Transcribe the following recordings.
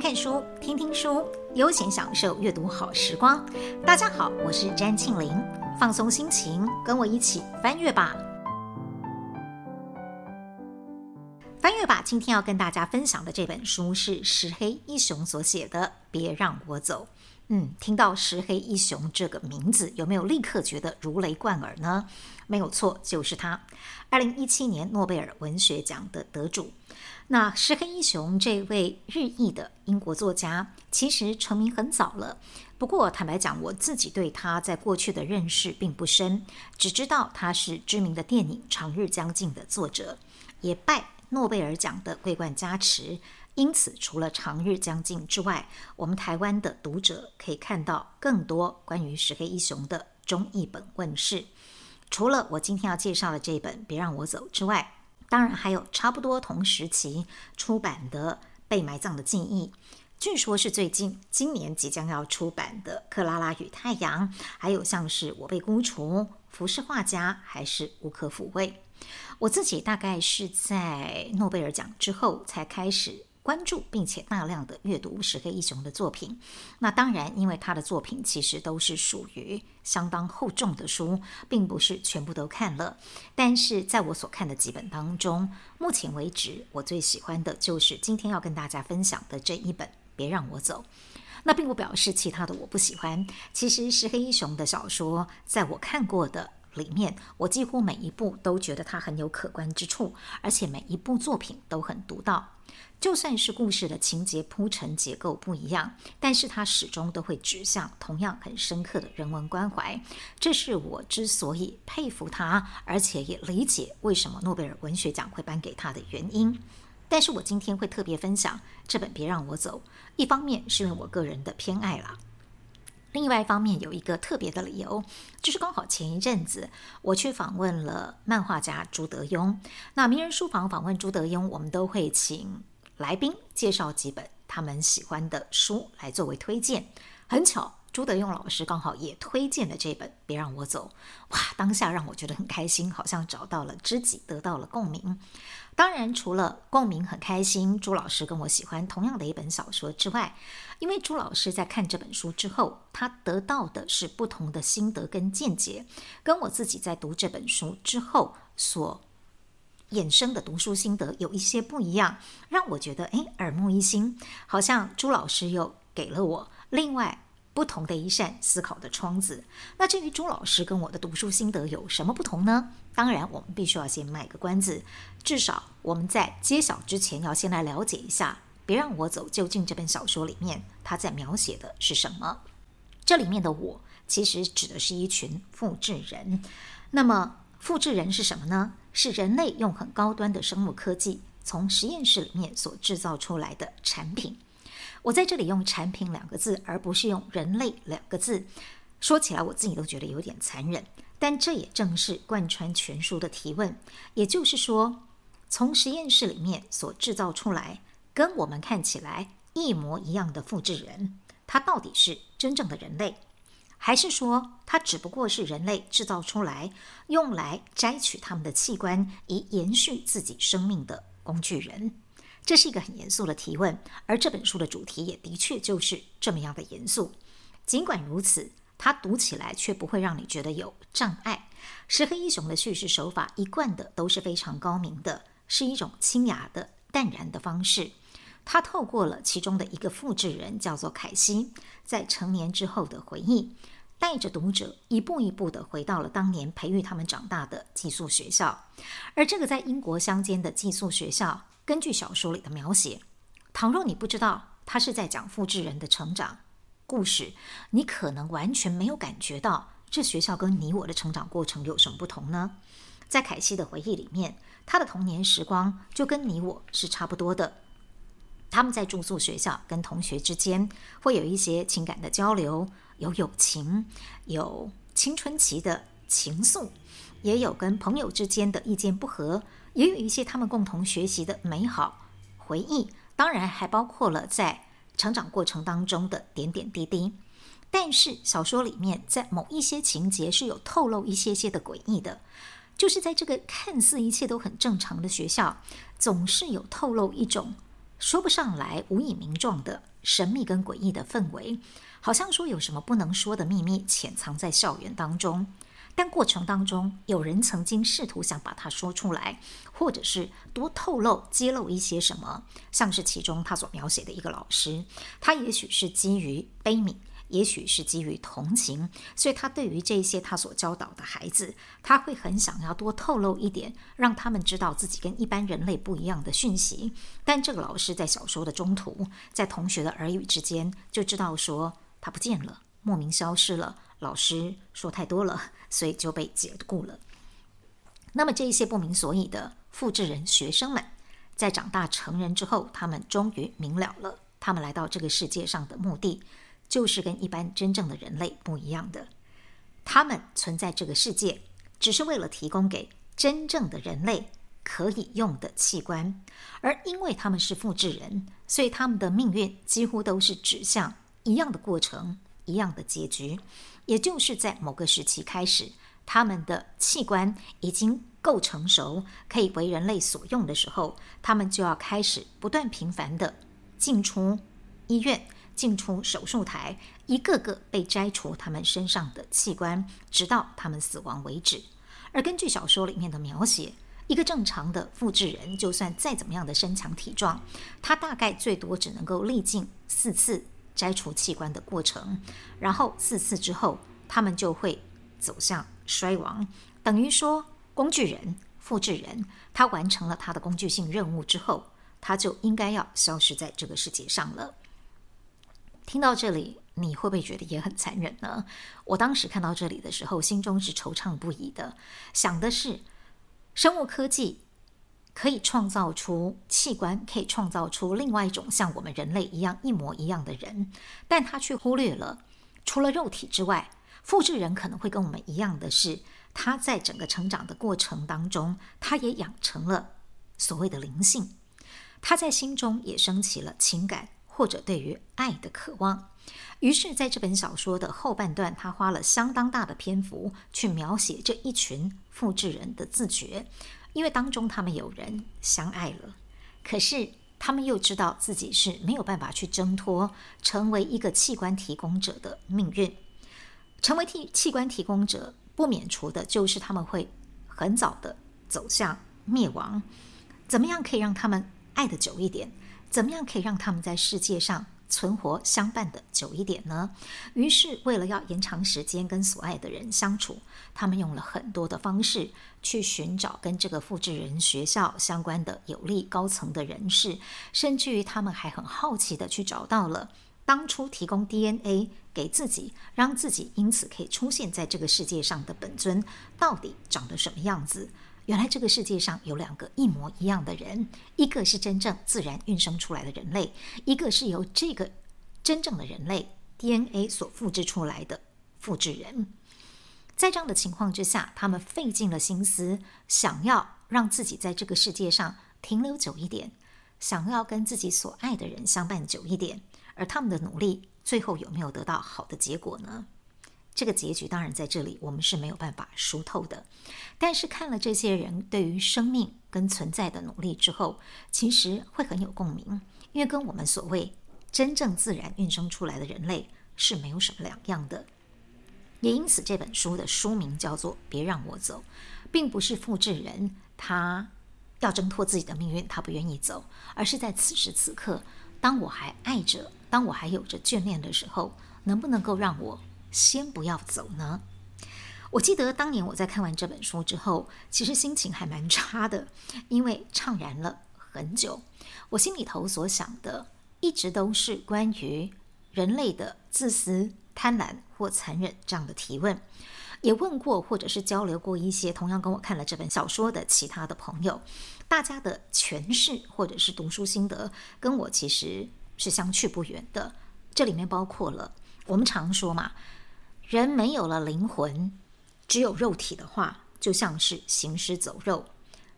看看書，聽聽書，悠閒享受閱讀好時光。大家好，我是詹慶玲，放鬆心情，跟我一起翻閱吧。翻閱吧，今天要跟大家分享的這本書是石黑一雄所寫的《別讓我走》。嗯，聽到石黑一雄這個名字，有沒有立刻覺得如雷貫耳呢？沒有錯，就是他，二零一七年諾貝爾文學獎的得主。那石黑一雄這位日裔的英國作家，其實成名很早了。不過坦白講，我自己對他在過去的認識並不深，只知道他是知名的電影《長日將盡》的作者，也拜諾貝爾獎的桂冠加持。因此，除了長日將近之外，我們台灣的讀者可以看到更多關於石黑一雄的中譯本問世。除了我今天要介紹的這本《別讓我走》之外，當然還有差不多同時期出版的《被埋葬的記憶》，據說是最近今年即將要出版的《克拉拉與太陽》，還有像是《我被孤雛》，《浮世畫家》，還是《無可撫慰》。我自己大概是在諾貝爾獎之後才開始。關注並且大量的閱讀石黑一雄的作品，那當然，因為他的作品其實都是屬於相當厚重的書，並不是全部都看了。但是在我所看的幾本當中，目前為止我最喜歡的就是今天要跟大家分享的這一本《別讓我走》。那並不表示其他的我不喜歡，其實石黑一雄的小說在我看過的裡面，我幾乎每一部都覺得它很有可觀之處，而且每一部作品都很獨到。就算是故事的情節鋪陳結構不一樣，但是它始終都會指向同樣很深刻的人文關懷。這是我之所以佩服他，而且也理解為什麼諾貝爾文學獎會頒給他的原因。但是我今天會特別分享這本《別讓我走》，一方面是因為我個人的偏愛了，另外一方面有一個特別的理由，就是剛好前一陣子我去訪問了漫畫家朱德庸。那名人書房訪問朱德庸，我們都會請。來賓介紹幾本他們喜歡的書來作為推薦。很巧，朱德庸老師剛好也推薦了這本《別讓我走》。哇，當下讓我覺得很開心，好像找到了知己，得到了共鳴。當然，除了共鳴很開心，朱老師跟我喜歡同樣的一本小說之外，因為朱老師在看這本書之後，他得到的是不同的心得跟見解，跟我自己在讀這本書之後所衍生的讀書心得有一些不一樣，讓我覺得誒，耳目一新，好像朱老師又給了我另外不同的一扇思考的窗子。那至於朱老師跟我的讀書心得有什麼不同呢？當然，我們必須要先賣個關子，至少我們在揭曉之前要先來了解一下《別讓我走》究竟這本小說裡面他在描寫的是什麼？這裡面的“我”其實指的是一群複製人。那麼複製人是什麼呢？是人類用很高端的生物科技從實驗室裡面所制造出來的產品。我在這裡用“產品”兩個字，而不是用“人類”兩個字，說起來我自己都覺得有點殘忍，但這也正是貫穿全書的提問。也就是說，從實驗室裡面所制造出來跟我們看起來一模一樣的複製人，他到底是真正的人類？還是說，它只不過是人類製造出來，用來摘取他們的器官以延續自己生命的工具人？這是一個很嚴肅的提問，而這本書的主題也的確就是這麼樣的嚴肅。儘管如此，它讀起來卻不會讓你覺得有障礙。石黑一雄的敘事手法一貫的都是非常高明的，是一種清雅的淡然的方式。他透過了其中的一個複製人，叫做凱西，在成年之後的回憶，帶着讀者一步一步地回到了當年培育他們長大的寄宿學校。而這個在英國鄉間的寄宿學校，根據小說裡的描寫，倘若你不知道他是在講複製人的成長故事，你可能完全沒有感覺到這學校跟你我的成長過程有什麼不同呢？在凱西的回憶裡面，他的童年時光就跟你我是差不多的。他們在住宿學校跟同學之間會有一些情感的交流，有友情，有青春期的情愫，也有跟朋友之間的意見不合，也有一些他們共同學習的美好回憶。當然，還包括了在成長過程當中的點點滴滴。但是小說裡面在某一些情節是有透露一些些的詭異的，就是在這個看似一切都很正常的學校，總是有透露一種。說不上來、無以名狀的神秘跟詭異的氛圍，好像說有什麼不能說的秘密潛藏在校園當中。但過程當中，有人曾經試圖想把它說出來，或者是多透露、揭露一些什麼，像是其中他所描寫的一個老師，他也許是基於悲憫。也許是基於同情，所以他對於這些他所教導的孩子，他會很想要多透露一點，讓他們知道自己跟一般人類不一樣的訊息。但這個老師在小說的中途，在同學的耳語之間，就知道說他不見了，莫名消失了。老師說太多了，所以就被解僱了。那麼這一些不明所以的複製人學生們，在長大成人之後，他們終於明了了，他們來到這個世界上的目的，就是跟一般真正的人類不一樣的，他們存在這個世界，只是為了提供給真正的人類可以用的器官。而因為他們是複製人，所以他們的命運幾乎都是指向一樣的過程，一樣的結局。也就是在某個時期開始，他們的器官已經夠成熟，可以為人類所用的時候，他們就要開始不斷頻繁的進出醫院，進出手術台，一個個被摘除他們身上的器官，直到他們死亡為止。而根據小說裡面的描寫，一個正常的複製人，就算再怎麼樣的身強體壯，他大概最多只能夠歷經四次摘除器官的過程，然後四次之後，他們就會走向衰亡。等於說，工具人、複製人，他完成了他的工具性任務之後，他就應該要消失在這個世界上了。聽到這裡，你會不會覺得也很殘忍呢？我當時看到這裡的時候，心中是惆悵不已的，想的是，生物科技可以創造出器官，可以創造出另外一種像我們人類一樣一模一樣的人，但他卻忽略了，除了肉體之外，複製人可能會跟我們一樣的是，他在整個成長的過程當中，他也養成了所謂的靈性，他在心中也升起了情感。或者對於愛的渴望，於是，在這本小說的後半段，他花了相當大的篇幅去描寫這一群複製人的自覺，因為當中他們有人相愛了，可是他們又知道自己是沒有辦法去掙脫成為一個器官提供者的命運，成為替器官提供者不免除的就是他們會很早的走向滅亡，怎麼樣可以讓他們愛得久一點？怎麼樣可以讓他們在世界上存活相伴的久一點呢？於是，為了要延長時間跟所愛的人相處，他們用了很多的方式去尋找跟這個複製人學校相關的有利高層的人士，甚至於他們還很好奇的去找到了當初提供 DNA 給自己，讓自己因此可以出現在這個世界上的本尊到底長得什麼樣子。原來這個世界上有兩個一模一樣的人，一個是真正自然孕生出來的人類，一個是由這個真正的人類 DNA 所複製出來的複製人。在這樣的情況之下，他們費盡了心思，想要讓自己在這個世界上停留久一點，想要跟自己所愛的人相伴久一點。而他們的努力，最後有沒有得到好的結果呢？這個結局當然在這裡我們是沒有辦法說透的，但是看了這些人對於生命跟存在的努力之後，其實會很有共鳴，因為跟我們所謂真正自然孕生出來的人類是沒有什麼兩樣的。也因此，這本書的書名叫做《別讓我走》，並不是複製人，他要掙脫自己的命運，他不願意走，而是在此時此刻，當我還愛着，當我還有着眷戀的時候，能不能夠讓我先不要走呢。我記得當年我在看完這本書之後，其實心情還蠻差的，因為悵然了很久。我心裡頭所想的一直都是關於人類的自私、貪婪或殘忍這樣的提問，也問過或者是交流過一些同樣跟我看了這本小說的其他的朋友，大家的詮釋或者是讀書心得跟我其實是相去不遠的。這裡面包括了我們常說嘛。人沒有了靈魂，只有肉體的話，就像是行屍走肉。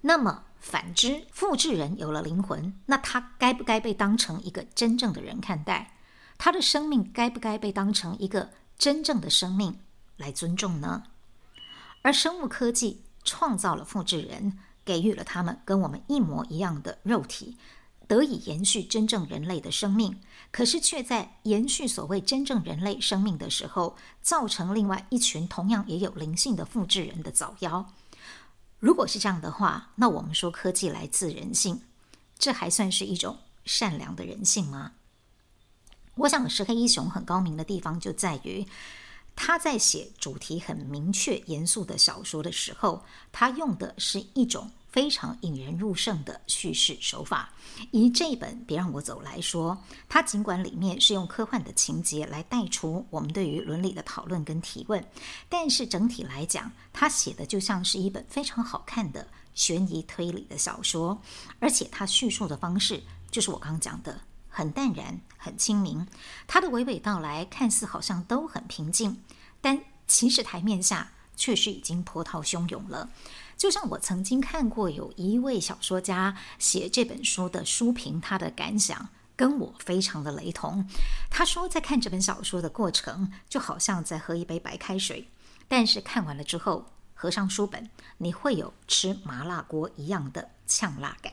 那麼，反之，複製人有了靈魂，那他該不該被當成一個真正的人看待？他的生命該不該被當成一個真正的生命來尊重呢？而生物科技創造了複製人，給予了他們跟我們一模一樣的肉體。得以延續真正人類的生命，可是卻在延續所謂真正人類生命的時候，造成另外一群同樣也有靈性的複製人的早夭。如果是這樣的話，那我們說科技來自人性，這還算是一種善良的人性嗎？我想石黑一雄很高明的地方就在於，他在寫主題很明確、嚴肅的小說的時候，他用的是一種非常引人入勝的敘事手法。以這一本《別讓我走》來說，它儘管裡面是用科幻的情節來帶出我們對於倫理的討論跟提問，但是整體來講，它寫的就像是一本非常好看的懸疑推理的小說。而且它敘述的方式，就是我剛剛講的，很淡然，很清明。它的娓娓道來，看似好像都很平靜，但其實台面下確實已經波濤洶湧了。就像我曾經看過有一位小說家寫這本書的書評，他的感想跟我非常的雷同。他說，在看這本小說的過程，就好像在喝一杯白開水，但是看完了之後，合上書本，你會有吃麻辣鍋一樣的嗆辣感。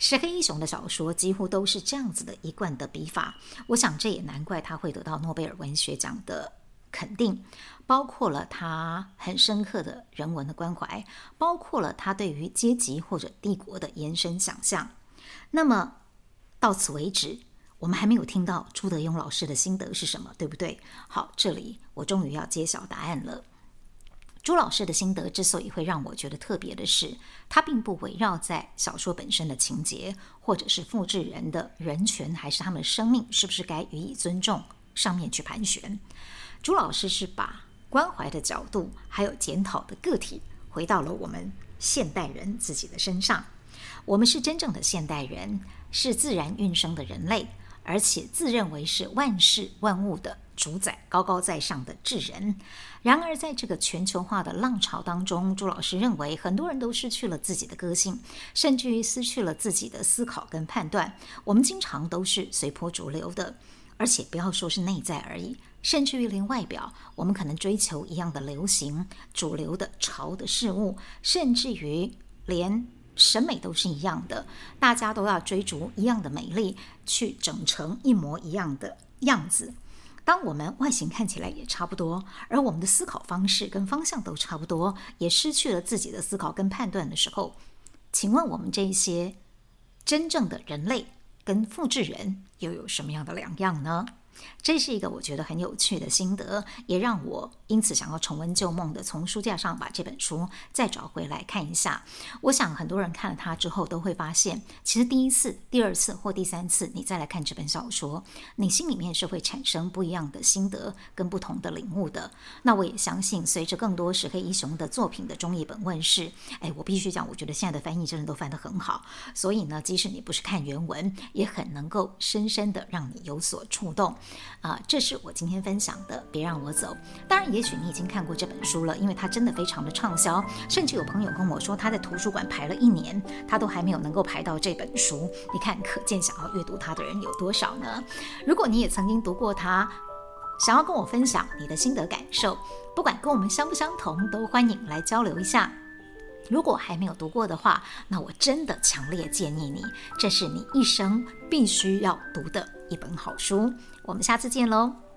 石黑一雄的小說幾乎都是這樣子的一貫的筆法，我想這也難怪他會得到諾貝爾文學獎的。肯定，包括了他很深刻的人文的關懷，包括了他對於階級或者帝國的延伸想象。那麼到此為止，我們還沒有聽到朱德庸老師的心得是什麼，對不對？好，這裡我終於要揭曉答案了。朱老師的心得之所以會讓我覺得特別的是，他並不圍繞在小說本身的情節，或者是複製人的人權，還是他們的生命是不是該予以尊重上面去盤旋。朱老師是把關懷的角度，還有檢討的個體，回到了我們現代人自己的身上。我們是真正的現代人，是自然孕生的人類，而且自認為是萬事萬物的主宰，高高在上的智人。然而，在這個全球化的浪潮當中，朱老師認為很多人都失去了自己的個性，甚至於失去了自己的思考跟判斷。我們經常都是隨波逐流的，而且不要說是內在而已。甚至於連外表，我們可能追求一樣的流行、主流的潮的事物，甚至於連審美都是一樣的，大家都要追逐一樣的美麗，去整成一模一樣的樣子。當我們外形看起來也差不多，而我們的思考方式跟方向都差不多，也失去了自己的思考跟判斷的時候，請問我們這些真正的人類跟複製人又有什麼樣的兩樣呢？這是一個我覺得很有趣的心得，也讓我因此想要重溫舊夢的，從書架上把這本書再找回來看一下。我想很多人看了它之後都會發現，其實第一次、第二次或第三次你再來看這本小說，你心裡面是會產生不一樣的心得跟不同的領悟的。那我也相信，隨着更多石黑一雄的作品的中譯本問世，誒、哎，我必須講，我覺得現在的翻譯真的都翻得很好。所以呢，即使你不是看原文，也很能夠深深的讓你有所觸動。啊、呃，這是我今天分享的《別讓我走》。當然，也許你已經看過這本書了，因為它真的非常的暢銷。甚至有朋友跟我說，他在圖書館排了一年，他都還沒有能夠排到這本書。你看，可見想要閱讀它的人有多少呢？如果你也曾經讀過它，想要跟我分享你的心得感受，不管跟我們相不相同，都歡迎來交流一下。如果還沒有讀過的話，那我真的強烈建議你，這是你一生必須要讀的一本好書。我們下次見嘍。